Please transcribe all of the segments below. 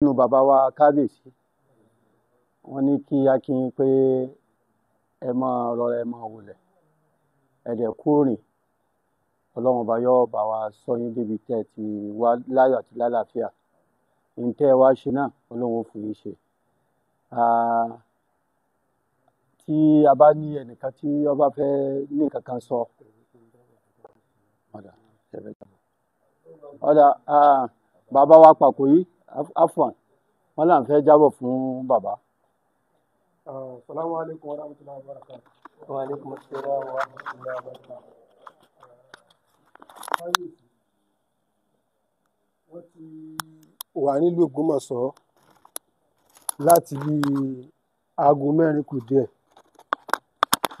nínú bàbá wa kábíyèsí wọ́n ní kí akin pé ẹ máa rọra ẹ máa wọlẹ̀ ẹ̀dẹ̀ kúrìn ọlọ́run ọba yóò bá wa sọ yín débi tẹ́ ẹ ti wá láyọ̀ àti lálàáfíà ní tẹ́ ẹ wá ṣe náà ọlọ́run ò fún yín ṣe. tí a bá ní ẹnìkan tí ọba fẹ́ ní nǹkan sọ ọ̀dà bàbá wa pàkó yìí afwan wọn là ń fẹ́ jábọ̀ fún bàbá. Ah, salamu alaykum wa rahmatulahi wa barakatu. wa alaykum ah, salaam wa rahmatulahi wa barakatu. wọ́n ti wà nílùú Ògbómọ̀ṣọ́ láti bí aago mẹ́rin kù díẹ̀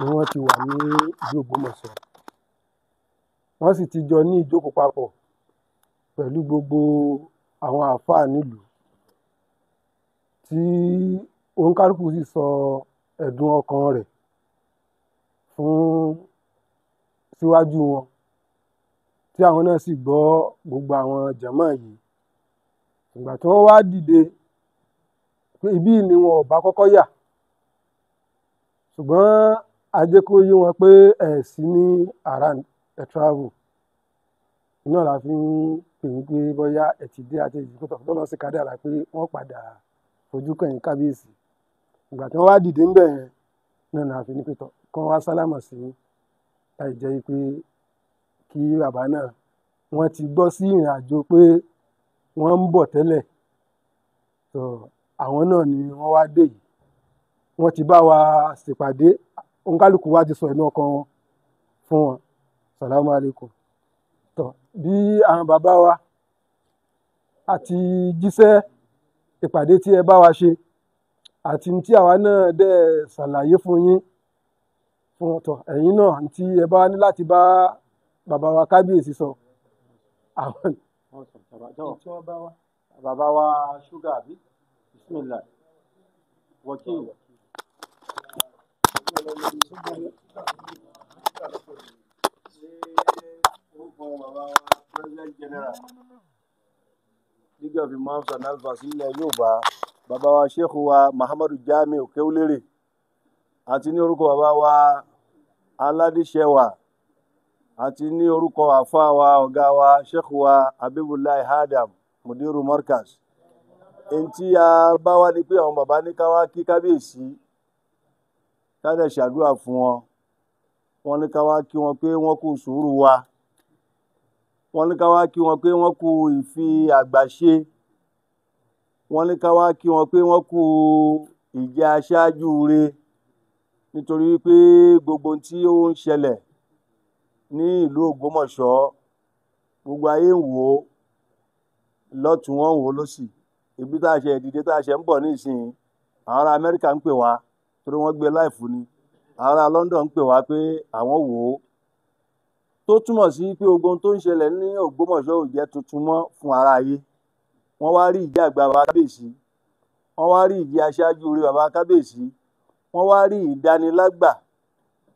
ni wọ́n ti wà ní ìlú Ògbómọ̀ṣọ́ wọ́n sì ti jọ ní ìjókòó papọ̀ pẹ̀lú gbogbo àwọn àáfàá nílùú tí oníkálukú sì sọ ẹ̀dùn ọkàn rẹ̀ fún síwájú wọn tí àwọn náà sì gbọ́ gbogbo àwọn jàmáà yìí ìgbà tí wọ́n wá dìde pé ibí ni wọn ò bá kọ́kọ́ yà ṣùgbọ́n ajé yé wọn pé ẹ̀ ní aran ẹ̀ travel náà la fi ń pè é pé bóyá ẹ ti dé àti ìdíkùtọ tó lọ sí kádàrá pé wọn padà fojú kẹyìn kábíyèsí ìgbà tí wọn wá dìde ń bẹ yẹn náà la fi ní pé tọ kán wá sálámà sí láì jẹ́ pé kí bàbá náà wọ́n ti gbọ́ sí ìrìn àjò pé wọ́n ń bọ̀ tẹ́lẹ̀ tó àwọn náà ni wọ́n wá dé yìí wọ́n ti bá wa ṣèpàdé òǹkálùkù wa ti sọ ẹnu ọkàn wọn fún wọn salamu alaykum bí àwọn bàbá wa àti jíṣẹ́ ìpàdé tí ẹ bá wa ṣe àti tí àwa náà dẹ̀ ṣàlàyé fún yín fún ọ̀tọ̀ ẹ̀yin náà tí ẹ bá ní láti bá bàbá wa kábíyèsí sọ. bàbá wa ṣúgà bí bismillah wọ́kì. Thank you fún president general league of imams and alfas ilẹ̀ yorùbá wa sheikhu wa muhammadu jamiu kéwúlérè àti ní orúkọ bàbá wa aládìṣẹwà àti ní orúkọ àfa wa ọ̀gá wa sheikhu wa abibulayi adam mudiru markaz eŋti a bá wá ní pé àwọn bàbá ní ká wá kí kábíyèsí ká dẹ̀ ṣàdúrà fún wọn wọn ní ká kí wọn pé wọn kú sùúrù wa wọ́n ní ká wá kí wọn pé wọ́n kú ìfi àgbà ṣe wọ́n ní ká wá kí wọn pé wọ́n kú ìjẹ́ aṣáájú re nítorí pé gbogbo tí ó ń ṣẹlẹ̀ ní ìlú Ògbómọ̀ṣọ́ gbogbo ayé ń wò ó lọ́tún wọn wò ó lọ́sì ibi tá a ṣe ìdìde tá a ṣe ń bọ̀ nísìnyí àwọn ará Amẹ́ríkà ń pè wá torí wọ́n gbé láìfù ni àwọn ará London ń pè wá pé àwọn wò ó tó túmọ̀ sí pé ogun tó ń ṣẹlẹ̀ ní Ògbómọ̀ṣọ́ ò jẹ́ tuntun mọ́ fún aráyé wọ́n wá rí ìdí àgbà bàbá kábíyèsí wọ́n wá rí ìdí aṣáájú orí bàbá kábíyèsí wọ́n wá rí ìdánilágbà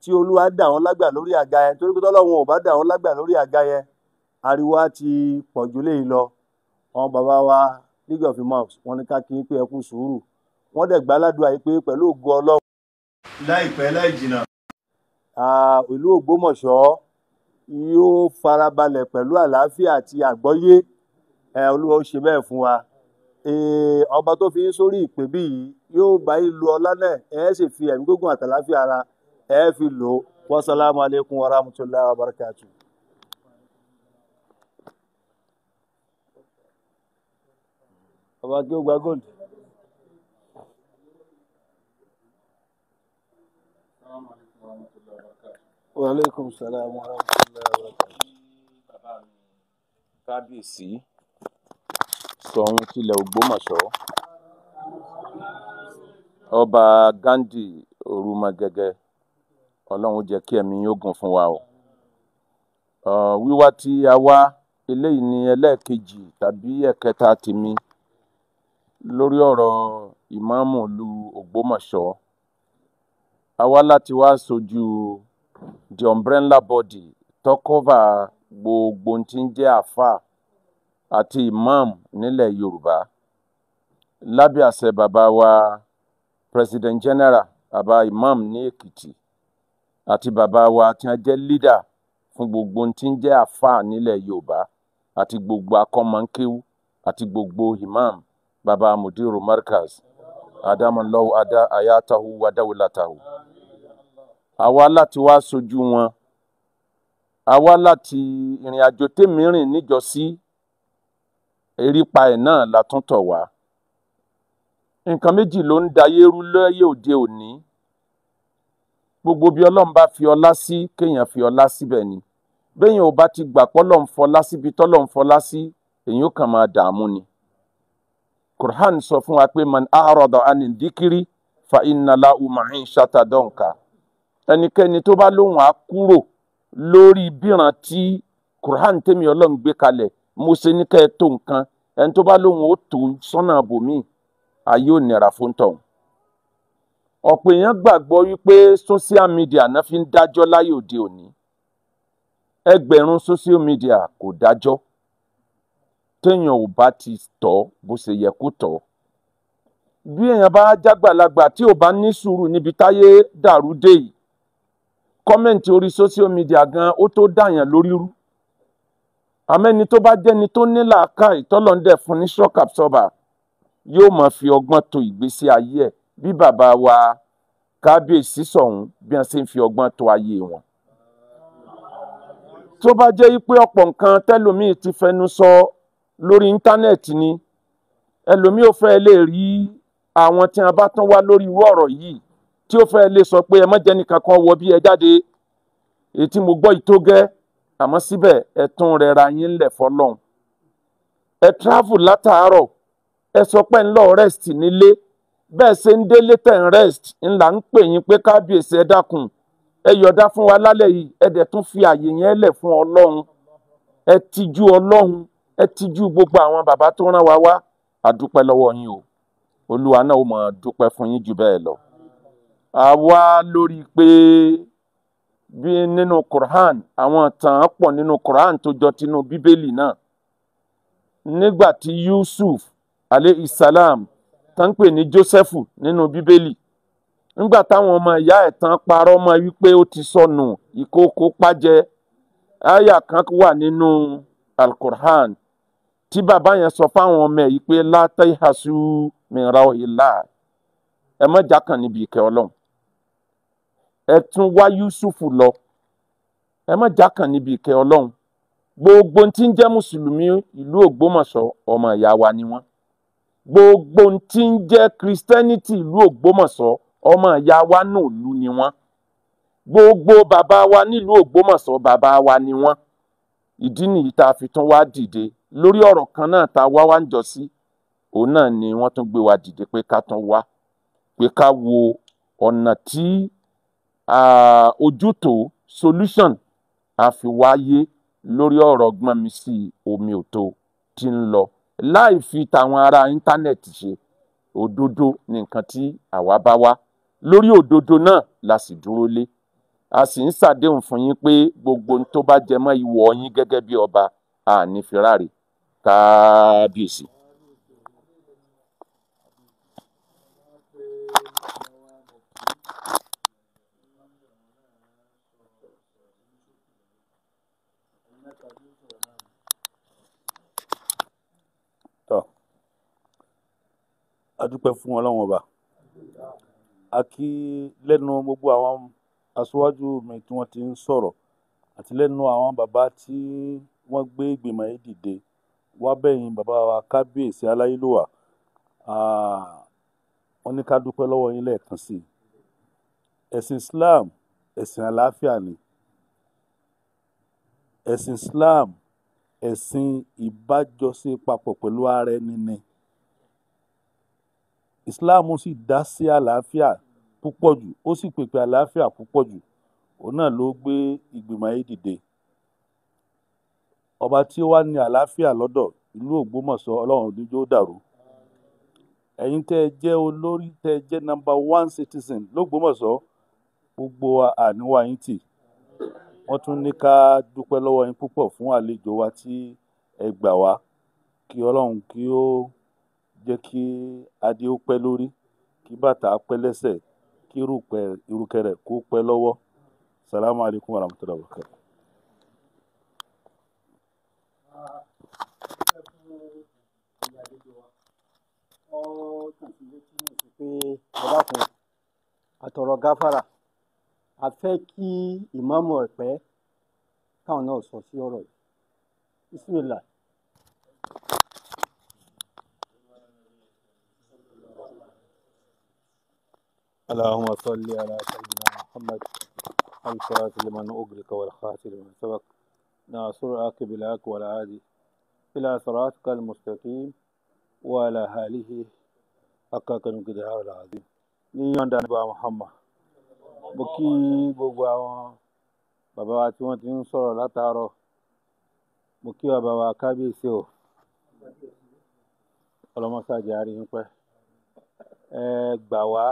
tí olúwa dà wọ́n lágbà lórí àga yẹn torí pé tọ́lọ́wọ́n ò bá dà wọ́n lágbà lórí àga yẹn ariwo á ti pọ̀jù léyìí lọ àwọn bàbá wa league of imams wọ́n ní ká kí n pé ẹ sùúrù wọ́n dẹ̀ gbáládùn àyè pé pẹ̀lú ògo Ọlọ́run. láìpẹ́ láì jìnnà. ìlú Ògbómọ̀ṣọ́ yóò farabalẹ̀ pẹ̀lú àlàáfíà àti àgbọ́yé ẹ olúwa ó ṣe bẹ́ẹ̀ fún wa ọba tó fi ń sórí ìpè bí yìí yóò bá yín lu ọlá náà ẹ sì fi ẹ̀mí gbógun àtàláfíà ara ẹ fi lò ó wasalaamu aleykum wa rahmatulahi wa barakatu. ọba kí ó gba gold. wa aleykum salaam wa rahmatulahi ọ̀rọ̀ pẹ̀lú bàbá mi kábíyèsí sọ̀ún tilẹ̀ ògbómọ̀ṣọ́ ọba gandhi orúmọgẹgẹ ọlọ́run jẹ́ kí ẹ̀mí yóò gùn fún wa o wíwá tí a wá eléyìí ni ẹlẹ́ẹ̀kejì tàbí ẹ̀kẹta tèmi lórí ọ̀rọ̀ ìmáàmù ìlú ògbómọ̀ṣọ́ a wá láti wá sojú the umbrella body tọkọ́và gbogbo ohun tí ń jẹ́ àáfàá àti imam nílẹ̀ yorùbá lábẹ́ àṣẹ bàbá wa president general bàbá imam ní èkìtì àti bàbá wa tí wọ́n jẹ́ leader fún gbogbo ohun tí ń jẹ́ àáfàá nílẹ̀ yorùbá àti gbogbo akọ́mọ̀nkéwú àti gbogbo imam bàbá mudiru markaz adamanlọ́wọ́ adá ayatahu wadawulatahu àwa láti wá sojú wọn a wá láti ìrìn àjò tèmi rìn erípa ẹ̀ náà la tún tọ̀ wá nǹkan méjì ló ń dayé rú lẹ́yẹ òde òní gbogbo bí ọlọ́run bá fi ọlá sí kéèyàn fi ọlá síbẹ̀ ni béèyàn ò bá ti gbà pọ́lọ̀ ń fọlá síbi tọ́lọ̀ ń fọlá sí èyí ó kàn máa dààmú ni Qur'an sọ fún wa pé man a'rada ani dikiri fa inala lahu ma'ishata donka ẹnikẹ́ni tó bá lóhùn á kúrò lórí bíran tí Quran tèmi Ọlọ́run gbé kalẹ̀ mo ṣe ní kẹ́ ẹ tó nǹkan ẹni tó bá lóun ó tó sọ́nà àbòmí ayé ò nira fún tọ̀hún. ọ̀pọ̀ èèyàn gbàgbọ́ wípé social media náà fi ń dájọ́ láyé òde òní ẹgbẹ̀rún social media kò dájọ́ téèyàn ò bá ti tọ́ bó ṣe yẹ kó tọ́ bí èèyàn bá jágbàlagbà tí ò bá ní sùúrù níbi táyé dàrú dé yìí kọ́mẹ̀ntì orí social media gan ó tó dàyàn lórí rú àmẹ́ni tó bá jẹ́ni tó ní làákàyè tọ́lọ́ndẹ̀ fún ní shock absorber yóò máa fi ọgbọ́n to ìgbésí ayé ẹ̀ bí bàbá wa kábíyèsí sọ̀hún bí wọ́n ṣe ń fi ọgbọ́n to ayé wọn. tó bá jẹ́ pé ọ̀pọ̀ nǹkan tẹ́lòmíì ti fẹnu sọ lórí íńtánẹ́ẹ̀tì ni ẹlòmíì ò fẹ́ lè rí àwọn tí wọ́n bá tún wá lórí irú ọ̀rọ̀ yìí tí ó fẹ́ lè sọ pé ẹ má jẹ́ nìkan kan wọ bí ẹ jáde èyí tí mo gbọ́ yìí tó gẹ́ àmọ́ síbẹ̀ ẹ tún ra yín lẹ̀ fọlọ́hún ẹ travel látàárọ̀ ẹ sọ pé ń lọ rest nílé bẹ́ẹ̀ ṣe ń délé tẹ̀ ń rest ńlá ń pè yín pé kábíyèsí ẹ dákun ẹ yọ̀dá fún wa lálẹ́ yìí ẹ dẹ̀ tún fi àyè yẹn lẹ̀ fún ọlọ́run ẹ tijú ọlọ́run ẹ tijú gbogbo àwọn bàbá tó rán wa wá àdúpẹ́ lọ́wọ́ yín o olúwa náà ó mọ̀ dúpẹ́ fún yín jù bẹ́ẹ̀ lọ. a wá lórí pé bí nínú Quran àwọn tàn án pọ̀ nínú Quran tó jọ tinú bíbélì náà nígbà tí Yusuf aleyhi salam tán pè ní Joseph nínú bíbélì nígbà táwọn ọmọ ìyá ẹ̀ tán parọ́ mọ́ wípé ó ti sọnù ìkókó pàjẹ́ àyà kan wà nínú alukur'an tí bàbá yẹn sọ fáwọn ọmọ ẹ̀ yìí pé látàí hasu mìíràn ìlà ẹ mọ̀jà kan níbi ìkẹ́ ọlọ́run ẹ tún wá Yusufu lọ ẹ má jákàn níbi ìkẹ́ Ọlọ́run gbogbo tí ń jẹ́ mùsùlùmí ìlú Ògbómọ̀ṣọ́ ọmọ ìyá wa ni wọ́n gbogbo tí ń jẹ́ Christianity ìlú Ògbómọ̀ṣọ́ ọmọ ìyá wa náà lù ni wọ́n gbogbo bàbá wa nílùú Ògbómọ̀ṣọ́ bàbá wa ni wọ́n ìdí nìyí tá a fi tún wá dìde lórí ọ̀rọ̀ kan náà tá a wá wá ń jọ sí òun náà ni wọ́n tún gbé wa dìde pé ká tún wá pé ká wo ọ̀nà tí ojútùú solution àfiwáyé lórí ọ̀rọ̀ gbọ́n mi sí omi òtó tí ń lọ láì fi tàwọn ará íńtánẹ́ẹ̀tì ṣe òdodo ni nǹkan tí àwa bá wá lórí òdodo náà la sì dúró lé a sì ń ṣàdéhùn fún yín pé gbogbo ohun tó bá jẹ ìwọ yín gẹ́gẹ́ bí ọba àní fìràrè kábíyèsí. adúpẹ́ fún ọlọ́run ọba a kí lẹ́nu gbogbo àwọn aṣáájú mi tí wọ́n ti ń sọ̀rọ̀ àti lẹ́nu àwọn bàbá tí wọ́n gbé ìgbìmọ̀ yìí dìde wá bẹ̀yìn bàbá wa kábíyèsí aláyélúwà wọ́n ní ká dúpẹ́ lọ́wọ́ yín lẹ́ẹ̀kan sí i ẹ̀sìn Islam ẹ̀sìn àlàáfíà ni ẹ̀sìn Islam ẹ̀sìn ìbájọṣe papọ̀ pẹ̀lú ara ẹni ni islam sì dá sí àlàáfíà púpọ̀ jù ó sì pèpè àlàáfíà púpọ̀ jù òun náà ló gbé ìgbìmọ̀ ayé dìde ọba tí ó wà ní àlàáfíà lọ́dọ̀ ìlú Ògbómọ̀ṣọ́ ọlọ́run níjó dàrú ẹ̀yin tẹ́ ẹ jẹ́ olórí tẹ́ ẹ jẹ́ number one citizen l'Ógbómọ̀ṣọ́ gbogbo àníwá yín tì wọ́n tún ní ká dúpẹ́ lọ́wọ́ yín púpọ̀ fún àlejò wa tí ẹ gbà wá kí ọlọ́run kí ó. Yo... jẹ́ kí adé ó pẹ́ lórí kí bàtà á pẹ́ lẹ́sẹ̀ kí ìrùkẹ̀ẹ̀ rẹ̀ kó pẹ́ lọ́wọ́ salamu alaykum wa wa a fẹ́ kí ìmáàmù káwọn náà sọ sí ọ̀rọ̀ اللهم صل على سيدنا محمد الفاتح لمن أغلق والخاتم لمن سبق ناصرك بالحق والعادي إلى صراطك المستقيم وعلى آله حق قدره العظيم ní yọ̀ǹda nípa Muhammad mo kí gbogbo àwọn bàbá wa tí wọ́n ti ń sọ̀rọ̀ látàárọ̀ mo kí bàbá wa kábíyèsí o ọlọ́mọsájà rí ń pẹ́ ẹ gbà wá.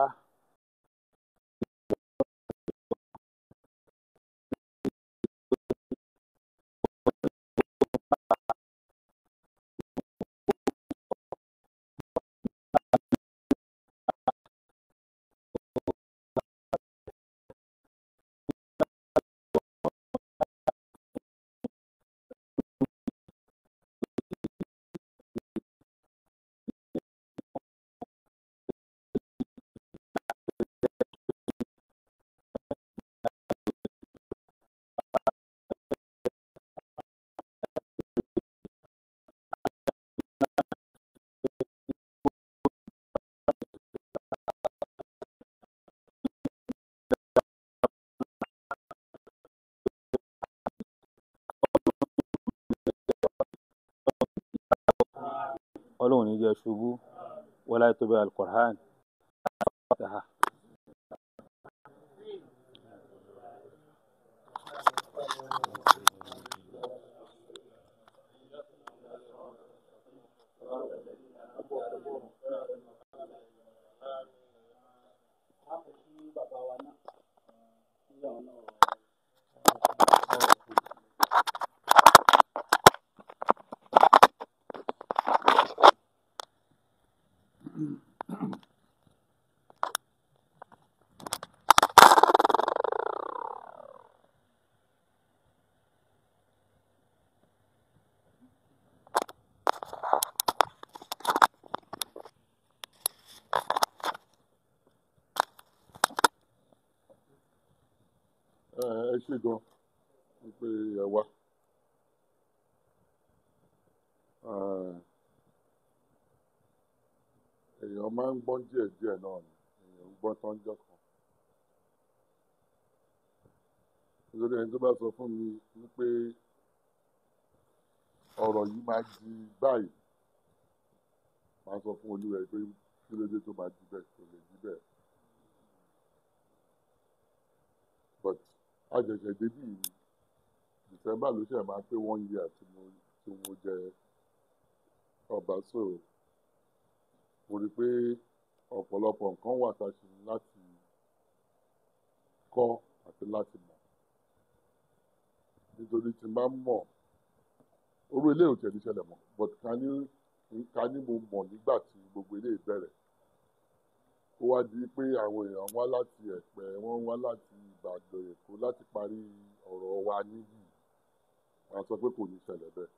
ọlọ́run ní jẹ́ ṣubú wọlá tó bẹ alukur'an. ń gbọ́n díẹ̀ díẹ̀ náà ni èèyàn ń gbọ́n tán jẹ́ kan. nítorí ẹni tó bá sọ fún mi wípé ọ̀rọ̀ yìí máa di báyìí máa sọ fún olúwa ẹ pé kí ló dé tó máa di bẹ́ẹ̀ kò lè di bẹ́ẹ̀. but àjẹjẹ débì yìí ló ṣẹ̀ máa pé one year tí mo jẹ ọba sọ̀rọ̀ mo rí i pé ọ̀pọ̀lọpọ̀ nǹkan wà tá a ṣe láti kọ́ àti láti mọ̀ nítorí tí n bá mọ̀ orú ilé ò tẹ̀lé ṣẹlẹ̀ mọ́ but ká ní ká ní mo mọ̀ nígbà tí gbogbo ilé bẹ̀rẹ̀ ó wá di pé àwọn èèyàn wá láti ẹ̀pẹ́ wọ́n wá láti ìbàdàn èkó láti parí ọ̀rọ̀ wa níbí a sọ pé kò ní ṣẹlẹ̀ bẹ́ẹ̀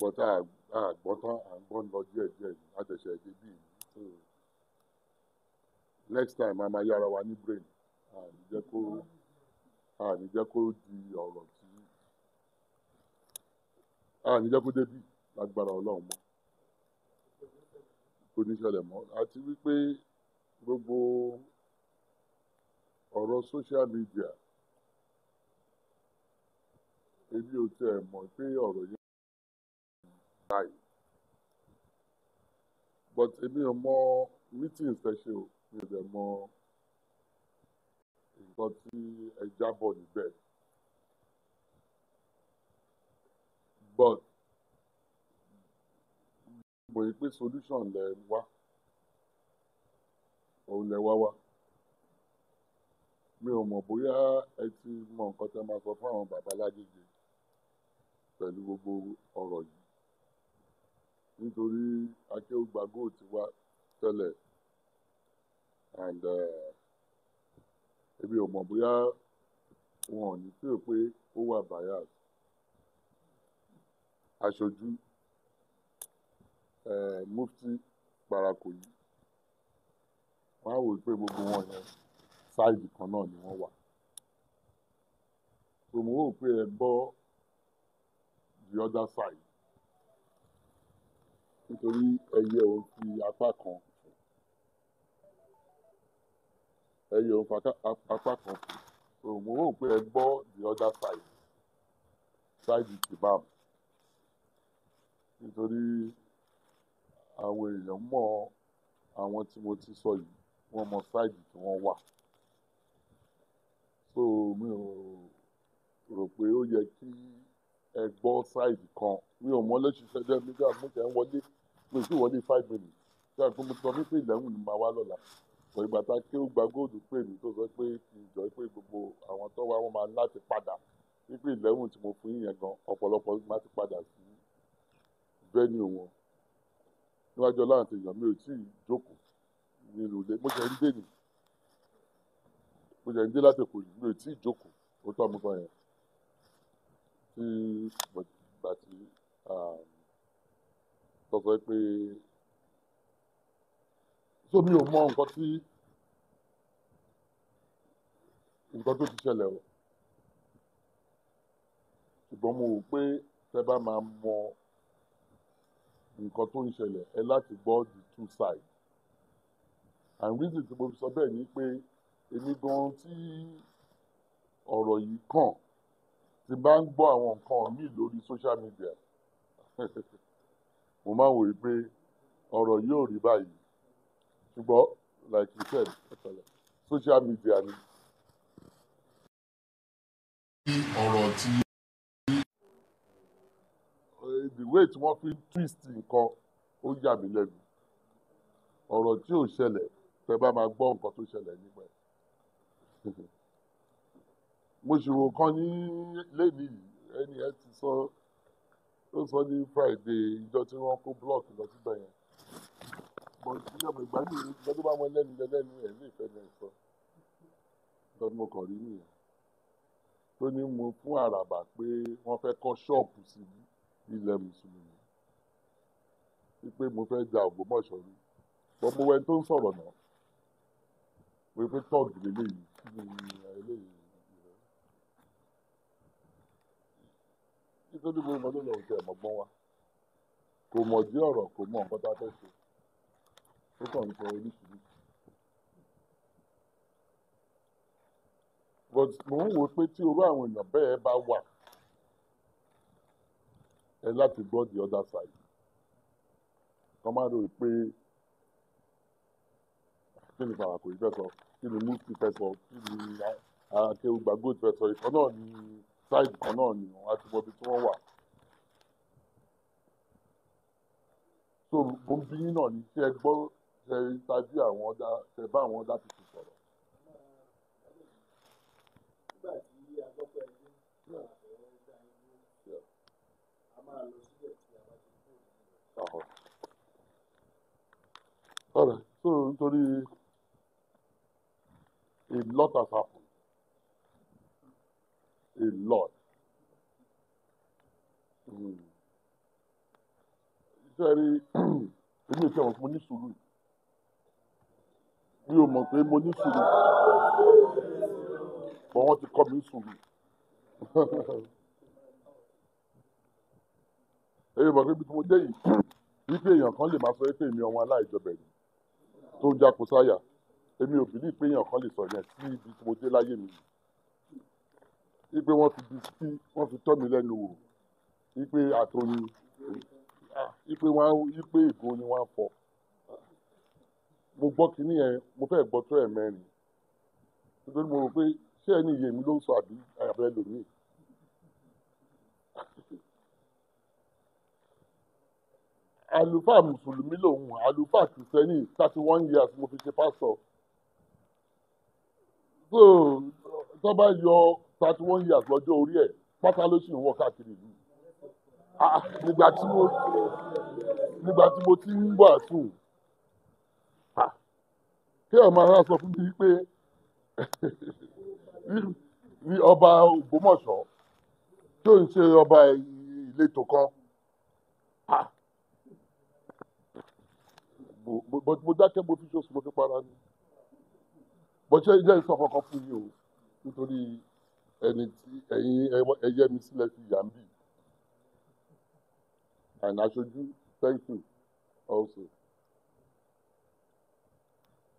but a àgbọ́ tán à ń gbọ́ lọ díẹ̀ díẹ̀ ní àtẹ̀sẹ̀ èdè bíi next time a máa yára wa ní brain àní jẹ́ kó àní jẹ́ kó di ọ̀rọ̀ tí àní jẹ́ kó débì lágbára ọlọ́run mọ́ kò ní ṣẹlẹ̀ mọ́ àti wípé gbogbo ọ̀rọ̀ social media èmi ò tẹ̀ mọ̀ pé ọ̀rọ̀ yẹn báyìí but èmi ò mọ meeting fẹ́ ṣe o mi ò dẹ̀ mọ nǹkan tí ẹ jábọ̀ níbẹ̀ but mo rí pé solution lẹ wá òun lẹ wá wá mi ò mọ̀ bóyá ẹ ti mọ nǹkan tẹ́ máa sọ fún àwọn bàbá lágbègbè pẹ̀lú gbogbo ọ̀rọ̀ yìí nítorí akéwùgbà goal ti wá tẹ́lẹ̀ and uh, èmi ò mọ̀ bóyá wọn ò ní fèrè pé ó wà bias aṣojú mufti Parakoyi wọn á wò pé gbogbo wọn yẹn ṣáìdì kan náà ni wọ́n wà so mo wò pé ẹ gbọ́ the other side nítorí ẹyẹ òun fi apá kan ẹyẹ òun fi apá kan so mo rò pé ẹ gbọ́ the other side side the kebab nítorí àwọn èèyàn mọ̀ àwọn tí mo ti sọ yìí wọ́n mọ̀ side tí wọ́n wà so mi ò rò pé ó yẹ kí ẹ gbọ́ side kan mi ò mọ̀ lẹ́sùn sẹ́jẹ́ mi gbà mú kẹ́ wọlé mi ò sì wọlé five minutes ṣé àgbọn mo ti sọ pé eleven ni màá wá lọ́la pọ̀ ìgbà tá a ké ó gba góòlù pè mí tó sọ pé kì í jọ pé gbogbo àwọn tó wá wọn máa láti padà wípé eleven tí mo fún yíyan gan ọ̀pọ̀lọpọ̀ ló máa ti padà sí venue wọn níwájú ọlọ́run ti yàn mí ò tí ì jókòó nínú ilé mo ṣe ń dé ni mo ṣe ń dé láti èkó yìí mi ò tí ì jókòó ó tọ́ mi kan yẹn tí gbàtí tọ́sọ pé so mi ò mọ nǹkan tí nǹkan tó ti ṣẹlẹ̀ o ṣùgbọ́n mo rò pé tẹ́ bá máa mọ nǹkan tó ń ṣẹlẹ̀ ẹ láti gbọ́ the two sides and reason tí mo fi sọ bẹ́ẹ̀ ni pé èmi gan tí ọ̀rọ̀ yìí kàn ti bá ń gbọ́ àwọn nǹkan míì lórí social media mo máa ń wòye pé ọ̀rọ̀ yóò rí báyìí ṣùgbọ́n like you said social media ni. the way tí wọ́n fi twist nǹkan ó yà mí lẹ́nu ọ̀rọ̀ tí ò ṣẹlẹ̀ tẹ́ bá máa gbọ́ nǹkan tó ṣẹlẹ̀ nígbà yẹn. mo ṣòro kan ní lẹ́nìí ẹni ẹ e ti sọ. So, ló sọ ní friday ìjọ tí wọ́n kó block lọ síbẹ̀ yẹn bọ̀ ìjọba ìgbàlú ìjọba tó bá wọn lẹ́nu lẹ́nu ẹ̀ ní ìfẹ́ náà sọ lọ́dún mo kàn rí nìyẹn tó ní mo fún àràbà pé wọ́n fẹ́ kọ́ ṣọ́ọ̀bù sí ilẹ̀ mùsùlùmí wípé mo fẹ́ ja Ògbómọ̀ṣọ́ rí gbọ́n mo tó ń sọ̀rọ̀ náà wípé tọ́ọ̀gì lélẹ́yìí kí ni eléyìí tó dìbò ìmọ̀ ló yẹ òjò ẹ̀mọ́ gbọ́n wa kò mọ̀ dí ọ̀rọ̀ kò mọ̀ nǹkan tá a fẹ́ ṣe ó kàn ń sọ oríṣiríṣi. but mò ń wò pé tí orú àwọn èèyàn bẹ́ẹ̀ bá wà ẹ láti gbọ́ the other side kọ́ máa rò pé kí ni bàbá kò yí fẹ́ sọ kí ni mú ti fẹ́ sọ kí ni akéwùgbà gold fẹ́ sọ ìkan náà ni tribe kan náà ni wọn àti bọ́bí tí wọ́n wà. so mo ń bí yín náà ní ṣe gbọ́ ṣe ṣáájú àwọn ọ̀dà ṣe bá àwọn ọ̀dà tuntun sọ̀rọ̀. All right. So, nítorí a lot has happened a lot. sẹ́ẹ̀rí èmi ìfẹ́ wọn mo ní sùúrù mi ò mọ̀ pé mo ní sùúrù bọ̀ wọ́n ti kọ́ mi sùúrù. èyí mọ̀ pé ibi tí mo dé yìí wípé èèyàn kan lè máa sọ pé èmi ọmọ aláìjọbẹ̀ ni tó ń jákòó sáyà èmi ò bìlí pé èèyàn kan lè sọ yẹn sí ibi tí mo dé láyé mi yìí wípé wọ́n fi bisikí wọ́n fi tọ́ mi lẹ́nu wò wípé àtòyìn wípé wọ́n wípé ìgò ni wọ́n fọ. mo gbọ́ kínní yẹn mo fẹ́ gbọ́ tó ẹ̀ mẹ́rin nítorí mo rò pé ṣé ẹni iye mi ló ń sọ àbí àbẹ́ lòmíì. àlùfáà mùsùlùmí lòun àlùfáà kìrìsìtẹ́nì thirty one years mo fi ṣe pásítọ̀ so tó bá yọ thirty one years lọ́jọ́ orí ẹ̀ pátá ló sì ń wọ̀ káàkiri ìlú nígbà tí mo nígbà tí mo ti ń bọ̀ àtún kí ẹ̀ máa sọ fún mi pé ní ọba Ògbómọ̀ṣọ́ tó ń ṣe ọba ìletò kan mo dákẹ́ mo fi ṣoṣù mo fi para ni bọ́sẹ̀ ilé ìsọ̀kan kan fún yìí o nítorí ẹni tí ẹ̀yin ẹyẹ mi sílẹ̀ fi yà ń bì and aṣojú thank you also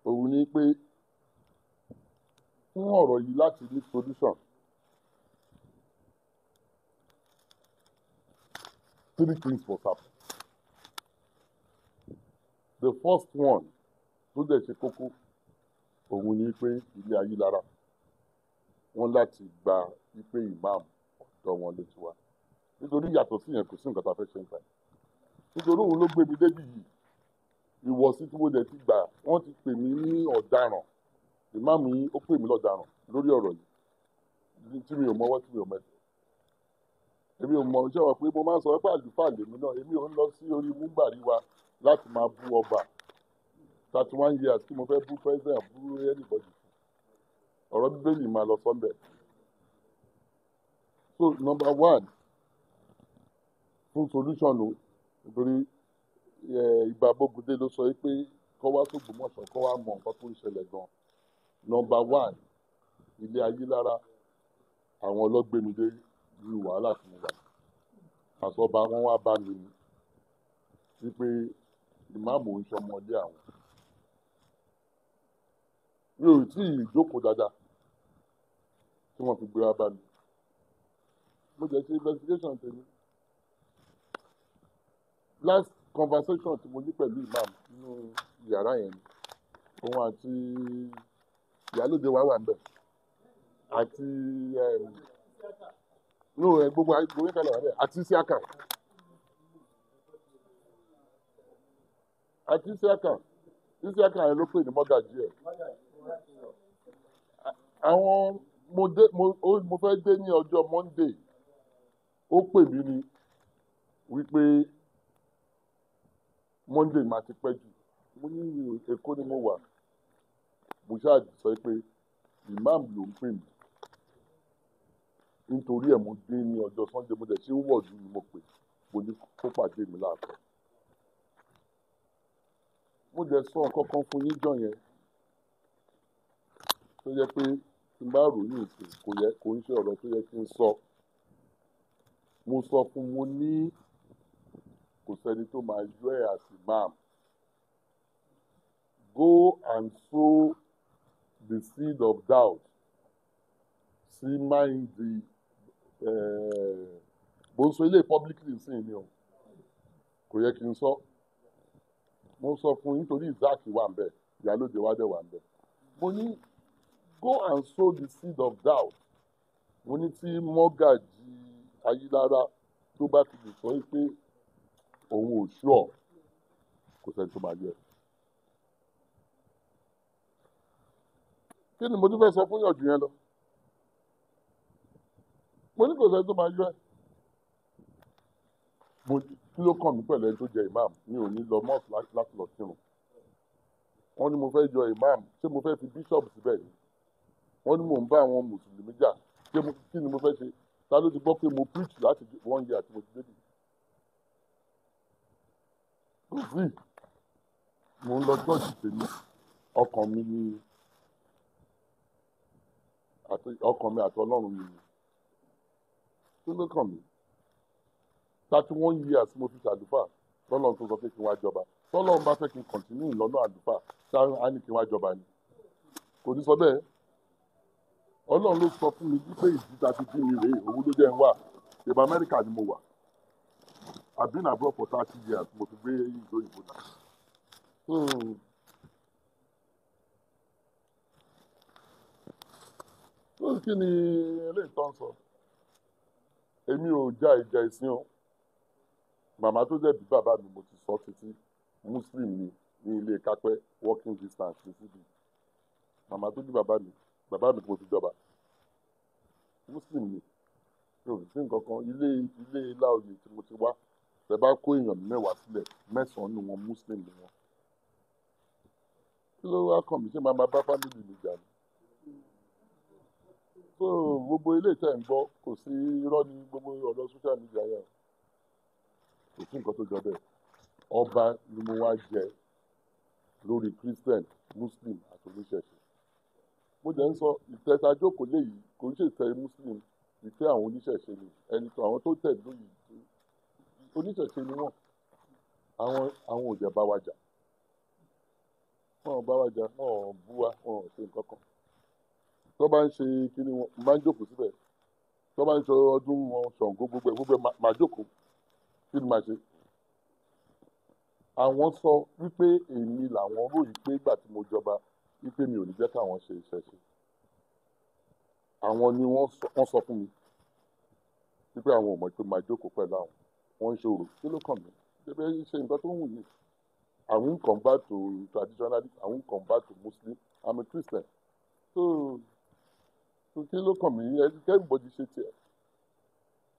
òun ni pé fún ọ̀rọ̀ yìí láti ní solution three things must happen the first one tó dẹ̀ ṣe kókó òun ni pé ilé ayé lára wọ́n láti gba wípé imam ọ̀dọ́ wọn ló ti wá nítorí yàtọ̀ sí yẹn kò sí nǹkan tá a fẹ́ ṣe ń ta nítorí òun ló gbé mi débi yìí ìwọ̀sí tí mo dẹ̀ ti gbà wọ́n ti pè mí ní ọ̀daràn Imam yín ó pè mí lọ́daràn lórí ọ̀rọ̀ yìí tí mi ò mọ ọwọ́ tí mi ò mẹ́sẹ̀ èmi ò mọ iṣẹ́ wa pé mo máa ń sọ pé àlùfáà lèmi náà èmi ò ń lọ sí orí múgbàrí wa láti máa bú ọba thirty one years kí mo fẹ́ bú president bú anybody ọ̀rọ̀ bíbélì máa lọ sọ́ńbẹ̀. so number one fún solution o nítorí ìgbà bógúndé ló sọ pé kọ́ wá tó gbòmọ̀ṣọ́ kọ́ wá mọ nǹkan tó ń ṣẹlẹ̀ gan number one ilé ayé lára àwọn ọlọ́gbẹ́mídé rí wàhálà fún wa àsọba wọn wá bá mi wípé ìmáàmù ń àwọn mi ò tí ì jókòó dáadáa tí wọ́n fi gbé wá bá mo jẹ́ ṣe investigation tèmi last conversation tí mo ní pẹ̀lú imam nínú yàrá yẹn ni òun àti ìyálòde wa wà níbẹ̀ àti inú ẹ gbogbo gbogbo ìkàlẹ̀ wà níbẹ̀ àti Isiaka àti Isiaka Isiaka yẹn ló pè ní mọ́gàjì ẹ̀ àwọn mo dé mo mo fẹ́ dé ní ọjọ́ Monday ó pè mí ni wípé Monday máa ti pẹ́ jù mo ní Èkó ni mo wà mo ṣáà sọ pé imam ló ń pè mí nítorí ẹ̀ mo dé ní ọjọ́ Sunday mo dẹ̀ ṣe ń wọ̀dù ni mo pè mo ní kó pàdé mi láàbọ̀ mo dẹ̀ sọ nǹkan kan fún yín jọ yẹn tó yẹ pé tí bá rò ní kò yẹ kò ń ṣe ọ̀rọ̀ tó yẹ kí n sọ mo sọ fún mo ní kò sẹ́ni tó máa yọ ẹ̀ as imam go and sow the seed of doubt sí máìndì bó eh, ń sọ ilé publicly sí ni o kò yẹ kí n sọ mo sọ fún nítorí isaac wà ń bẹ ìyálóde wa dẹ̀ wà ń bẹ mo ní go and sow the seed of doubt mo ní tí mọ́gàjì ayílára tó bá ti lè sọ yìí pé òun ò ṣúọ̀ kò sẹ́ni tó máa yẹ. kí ni mo tún fẹ́ sọ fún yànjú yẹn lọ mo ní kò sẹ́ni tó máa yọ ẹ́ mo kí ló kàn mí pẹ̀lú ẹni tó jẹ imam mi ò ní lọ mọ́ọ̀sì láti lọ kírun wọ́n ní mo fẹ́ yọ imam ṣé mo fẹ́ fi bíṣọ̀bù síbẹ̀ ni wọ́n ní mò ń bá àwọn mùsùlùmí jà pé kí ni mo fẹ́ ṣe ta ló ti gbọ́ pé mo preach láti one year àti mo ti débi. kò sí mo ń lọ ṣọ́ọ̀ṣì tèmi ọkàn mi ni ọkàn mi àti ọlọ́run mi ni kí ló kàn mí thirty one years mo fi ṣàlùfà tọ́lọ́run tó sọ pé kí n wá jọba tọ́lọ́run bá fẹ́ kí n continue lọ́nà àlùfà táwọn á ní kí n wá jọba ni kò ní sọ bẹ́ẹ̀ ọlọ́run ló sọ fún mi wípé ìdíjà ti dín mi rèé òun ló jẹ́ ń wà ìbá amẹ́ríkà ni mo wà I've been for thirty years mo ti gbé ìlú òyìnbó náà. lóòtú hmm. ni eléyìí tó ń sọ èmi ò já ìjà ìsìn o màmá tó jẹ̀bi bàbá mi mo ti sọ títí muslim ni ní ilé kápẹ́ working distance ní síbi màmá tó bí bàbá mi bàbá mi kò ti jọba muslim ni mi ò sí nǹkan kan ilé ilé láòyè tí mo ti wá tẹ bá kó èèyàn mẹ́wàá sílẹ̀ mẹ́sàn-án ni wọn muslim ni wọn kí ló wá kàn mí ṣé màá máa bá fámìlì mi jà ni so gbogbo ilé ìtẹ̀ ń gbọ́ kò sí irọ́ ní gbogbo ọ̀rọ̀ social media yẹn kò sí nǹkan tó jọ bẹ́ẹ̀ ọba ni mo wá jẹ lórí christian muslim àti oníṣẹ̀ṣe mo dẹ̀ ń sọ ìtẹ̀sájókòó léyìí kò ń ṣètẹ́ muslim ìtẹ́ àwọn oníṣẹ̀ṣe ni ẹni tó àwọn tó tẹ̀ lóyè oníṣẹ̀ṣe ni wọ́n àwọn àwọn ò jẹ́ bá wa jà wọn ò bá wa jà wọn ò bú wa wọn ò ṣe nǹkan kan tó bá ń ṣe kíni wọn máa ń jókòó síbẹ̀ tó bá ń ṣe ọdún wọn ṣàngó gbogbo ẹ̀ gbogbo ẹ̀ máa jókòó kí ni máa ṣe àwọn sọ wípé èmi làwọn ròyìn pé ìgbà tí mo jọba wípé mi ò ní jẹ́ káwọn ṣe iṣẹ́ ṣe àwọn ni wọ́n sọ fún mi wípé àwọn ò mọ̀ pé máa jókòó pẹ̀lú àwọn wọ́n ń ṣòro kí ló kàn mí bẹ́ẹ̀ ṣe nǹkan tó ń wù yìí àwọn nǹkan bá tó traditionally àwọn nǹkan bá tó muslim i'm a christian so so kí ló kàn mí everybody ṣe tiẹ̀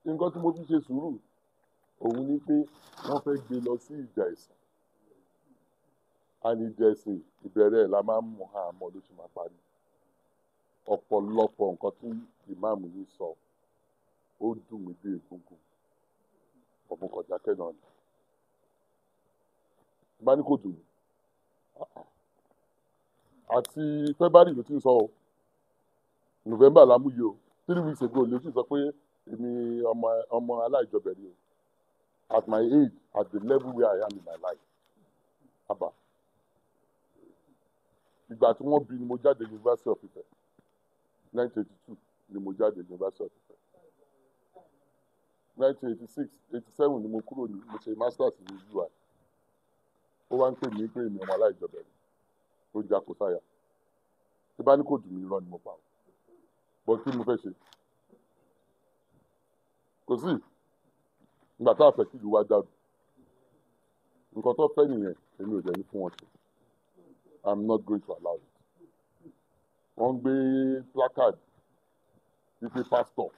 nǹkan tí mo fi ṣe sùúrù òun ni pé wọ́n fẹ́ gbé lọ sí ìjà ẹ̀sìn ánìjẹsìn ìbẹ̀rẹ̀ la máa ń mú àmọ́ ló ṣe máa parí ọ̀pọ̀lọpọ̀ nǹkan tí ìmáàmù yìí sọ ó dùn mí bí egungun ọ̀bùn kọjá kẹ́nà ni bá ní kò dùn mí àti february ló ti ń sọ o november la mú yìí o three weeks ago ló ti sọ pé èmi ọmọ ọmọ aláìjọbẹ̀rẹ̀ o at my age at the level where I am in my life abba ìgbà tí wọ́n bí ni mo jáde University of Ife nineteen eighty two ni mo jáde University of Ife nineteen eighty six eighty seven ni mo kúrò ní mo ṣe masters ní UI ó wá ń pè mí pé èmi ọmọ aláìjọbẹ ni tó jà kó tí bá ní kò dùn mí irọ́ ni mo pa ọ́ bọ́ kí mo fẹ́ ṣe kò sí ìgbà tá a fẹ́ kí ìlú wa dàrú nǹkan tó fẹ́ nìyẹn èmi ò jẹ́ ní fún wọn ṣe. I'm not going to allow it. Wọ́n ń gbé placard wípé pastor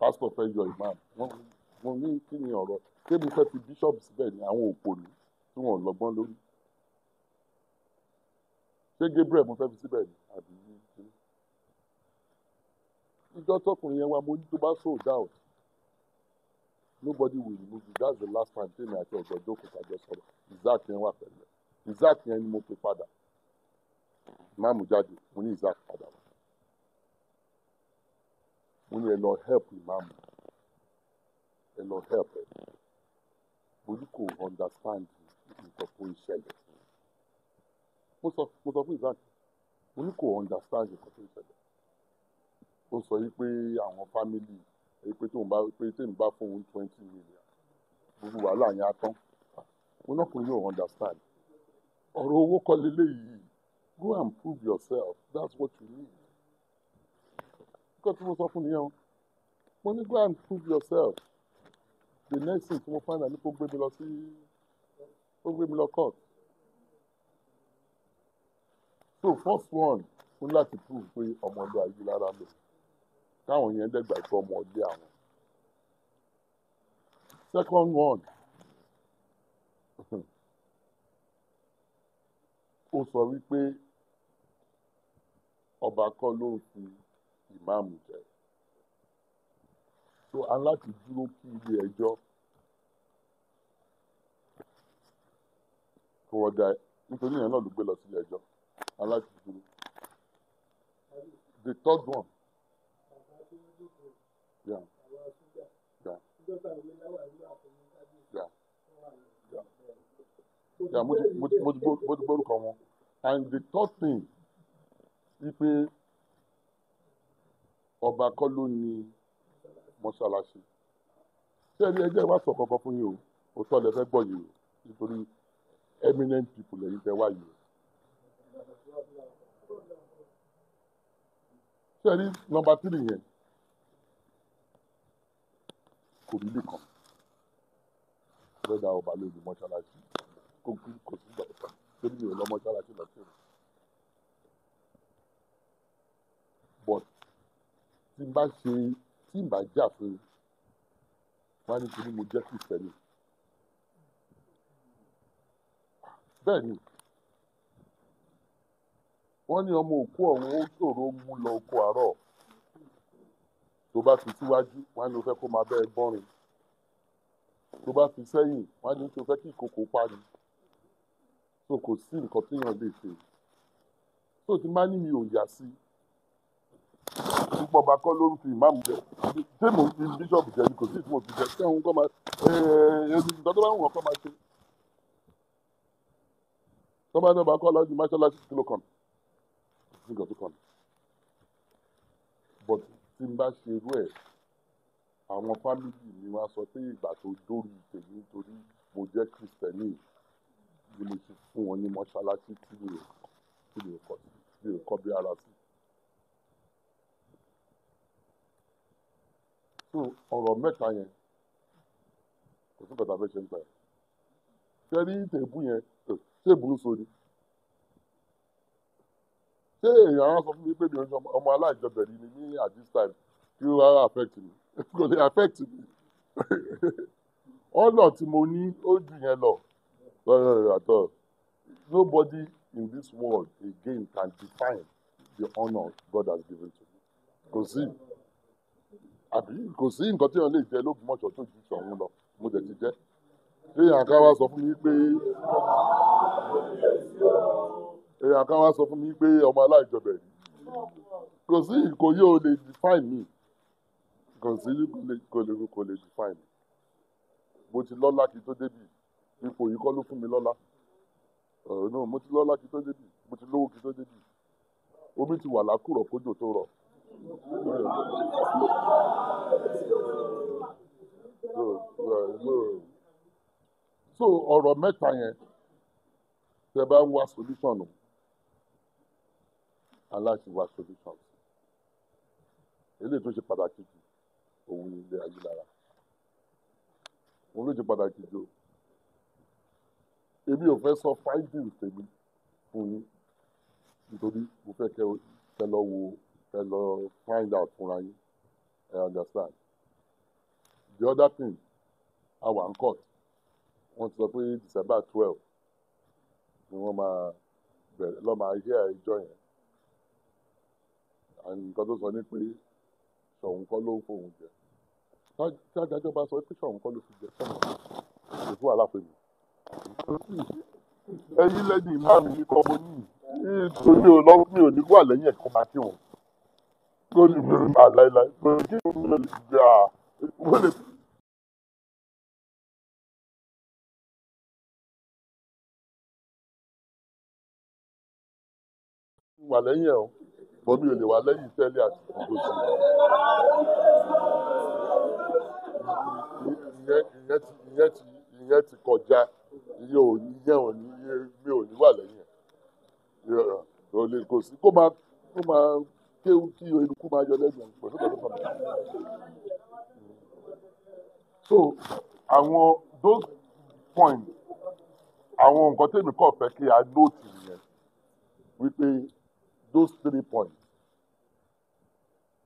pastor fẹ́ yọ imam. Mo ní kí ni ọ̀rọ̀ ṣé mo fẹ́ fi bishops' síbẹ̀ ni àwọn òpònú tí wọ́n lọ́gbọ́n lórí. Ṣé Gabriel mo fẹ́ fi síbẹ̀ ni àbí kí? Ìjọ tọkùnrin yẹn wá mo ní tó bá so doubt nobody will remove you that's the last time tèmi àti ọ̀gbọ́n jókòó tàjọ sọ̀rọ̀ Isaac yẹn wà pẹ̀lú ẹ̀ isaac yẹn ni mo pè padà máàmù jáde mo ní isaac padà wá mo ní ẹ lọ help ìmáàmù ẹ lọ help ẹ bójú kò understand nǹkan tó ń ṣẹlẹ̀ mo sọ mo sọ fún isaac mo ní kò understand nǹkan tó ń ṣẹlẹ̀ ó sọ yìí pé àwọn fámìlì èyí pé tóun bá pé tóun bá fún òun twenty million gbogbo wàhálà yẹn á tán mo náà kò yóò understand ọ̀rọ̀ owó kọ́ leléyìí go and prove yourself that's what you need nǹkan tí mo sọ fún nìyẹn o mo ní go and prove yourself the next thing tí mo find out ni kó gbé mi lọ sí kó gbé mi lọ court so first one fún láti prove pé ọmọdé ayé lára lò káwọn yẹn dẹ́gbà tó ọmọdé àwọn second one. ó sọ wípé ọba kọ́ ló ń fi ìmáàmù jẹ so a láti dúró kí ilé ẹjọ́ kó wọ́n dá nítorí ìyẹn náà ló gbé lọ sílé ẹjọ́ a láti dúró the third one. Yeah. Yeah. Yeah. Yeah. mo ti gbórúkọ wọn and the third thing wípé ọba kọ́ ló ní mọ́ṣáláṣí sẹ́ni ẹgbẹ́ wa sọ̀kan kan fún yín o òótọ́ lẹ fẹ́ gbọ́ yìí o nítorí eminent people lẹ́yìn tẹ́ wá yìí o. sẹ́ni nọmba tírì yẹn kò rí nìkan lọ́dà ọba lórí mọ́ṣáláṣí kò sí gbàgbọ́ torí mi ò lọ mọ́ṣáláṣí lọ kí mi. but tí n bá ṣe tí n bá jà fún un wọ́n á ní kí ni mo jẹ́ kìrìsìtẹ́nì. bẹ́ẹ̀ ni wọ́n ní ọmọ òkú ọ̀hún ó ṣòro mú lọ oko àárọ̀ tó bá fi síwájú wọ́n á ní o fẹ́ kó máa bẹ́ẹ̀ bọ́rin tó bá fi sẹ́yìn wọ́n á ní o fẹ́ kí ìkòkò pa so kò sí nǹkan téèyàn lè ṣe so tí má ní mi ò yà sí púpọ̀ bá kọ́ lórí fi ìmáàmù jẹ ṣé mò ń fi bíṣọ̀bù jẹ ni kò sí ìfún òfin jẹ ṣé òun kọ́ máa eh, nǹkan tó bá wù wọ́n kọ́ máa ṣe tó bá náà bá kọ́ láti mọ́ṣáláṣí kí ló kàn mí nǹkan tó kàn mí but tí n bá ṣe irú ẹ̀ àwọn fámìlì mi wá sọ pé ìgbà tó dórí tèmi nítorí mo jẹ́ kìrìsìtẹ́nì lè ti fún wọn ní mọ́ṣáláṣí tí lè tí lè kọ́ tí lè kọ́ bí ara sí. so ọ̀rọ̀ mẹ́ta yẹn kò sí bàtà fẹ́ ṣe ń gbà yẹn ṣe rí tèbú yẹn ṣé burú sórí ṣé èèyàn á sọ fún mi pé mi ò ń ṣe ọmọ aláìjọbẹ̀rì ni ní at this time kí ó rárá affect mi kò lè affect mi ọ̀nà tí mo ní ó jù yẹn lọ. No, no, no, at all. Nobody in this world again can define the honor God has given to me. Kò sí àbí kò sí nǹkan tí èèyàn lè jẹ lóògùnmọ̀ṣọ́ tó ju ìṣọ̀hún lọ mo dẹ̀ ti jẹ́. Èèyàn kan wá sọ fún mi pé èèyàn kan wá sọ fún mi pé ọmọ aláìjọbẹ̀ ni. Kò sí ìkòyí ò lè define me. Kò sí kò lè kò lè define me. Mo ti lọ́lá kí tó débì ipò yìí kọ́ ló fún mi lọ́lá ọ̀rọ̀ náà mo ti lọ́lá kí tó débì mo ti lówó kí tó débì omi ti wà lákùrọ̀ kójò tó rọ̀. so ọ̀rọ̀ mẹ́ta yẹn tẹ bá ń wá solution o aláṣẹ wá solution eléyìí tó ṣe pàtàkì jù òun ilé ayé òun ló ṣe pàtàkì jù èmi ò fẹ́ sọ findings tèmi fún yín nítorí mo fẹ́ kẹ́ kẹ́ lọ wo kẹ́ lọ find out fúnra yín I understand the other thing àwa ń court wọ́n ti sọ pé December twelve ni wọ́n máa bẹ̀rẹ̀ lọ́ máa yẹ ẹjọ́ yẹn nǹkan tó sọ ni pé Ṣọ̀ún kọ́ ló ń fòun jẹ tí adájọ́ bá sọ pé Ṣọ̀ún kọ́ ló fi jẹ sọ́wọ́n kò fún aláfẹ́mi ẹ̀yin lẹ́yìn ìmáàmù ní kọ́mọ ní ìtòmí ò lọ́wọ́ mi ò ní wà lẹ́yìn ẹ̀kọ́ máa kí wọn. kó ní mi máa láéláé pé kí n lè gbà wọ́n lè. wà lẹ́yìn ẹ̀ o bọ́ mi ò lè wà lẹ́yìn tẹ́lẹ̀ àti ìgbésí. ìyẹn ti ìyẹn ti kọjá iye ò ní yẹ ò ní yẹ mi ò ní wà lẹ́yìn ẹ̀ ò lè kò sí kó máa kó máa kéwú kí eruku máa yọ lẹ́gbẹ̀ẹ́ pẹ̀lú pẹ̀lú pẹ̀lú. so àwọn those points àwọn nǹkan tèmi kọ̀ fẹ́ kí a nóòtì nìyẹn wípé those three points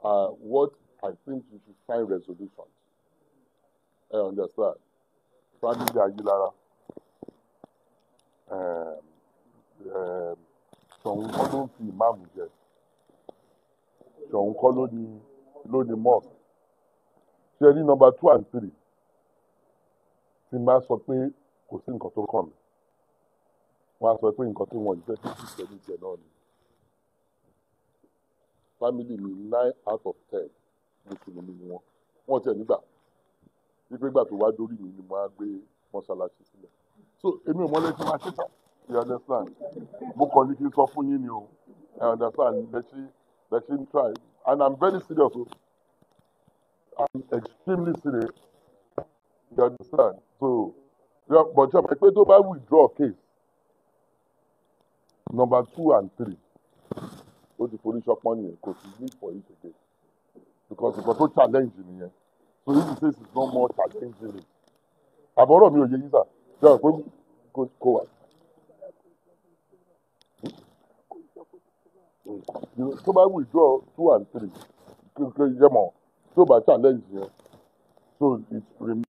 are what I think we should find resolution. I understand. Family Aguilara. Ṣọ̀ún kọ́ ló ń fi ìmáàmù jẹ Ṣọ̀ún kọ́ ló ní ló ní mosque ṣe rí nọ́mbà two and three tí n bá sọ pé kò sí nǹkan tó kàn mí wọ́n á sọ pé nǹkan tí wọ́n jẹ́ tó sì tẹ̀lé jẹ náà ni family mi nine out of ten mùsùlùmí ni wọ́n wọ́n tẹ̀ nígbà wípé gbà tó wá dórí mi ni mo á gbé mọ́ṣáláṣí sílẹ̀ so èmi ò mọlẹ́tí máa ṣe tán you understand mo kàn ní kí n sọ fún yín ni o you understand bẹ́sí bẹ́sí n try and i'm very serious o i'm extremely serious you understand so but ṣe pé tó bá withdraw case number two and three ó ti forí ṣọpọ́n nìyẹn kò sí need for it today because nǹkan tó challenge nìyẹn so if you say it's no more challenging àbọ̀rọ̀ mi ò yẹ yín sáà sọ pé kò wà. tó bá withdraw two and three kí n kí n yẹ mọ tó bá challenge yẹn so it remain.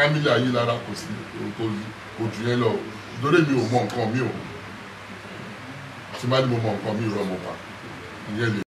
family Ayílára kò sí kò jù yẹn lọ lórí mi ò mọ nǹkan mi ò tí má ní mo mọ nǹkan mi rọ mo pa ìyẹn lè.